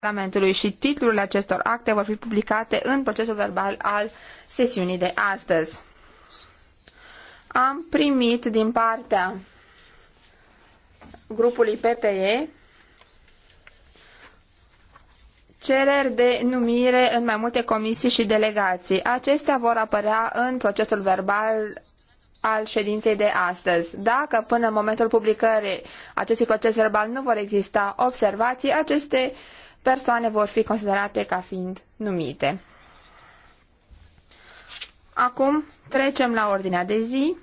Parlamentului și titlurile acestor acte vor fi publicate în procesul verbal al sesiunii de astăzi. Am primit din partea grupului PPE cereri de numire în mai multe comisii și delegații. Acestea vor apărea în procesul verbal al ședinței de astăzi. Dacă până în momentul publicării acestui proces verbal nu vor exista observații, aceste uh, persoane vor fi considerate ca fiind numite. Acum trecem la ordinea de zi.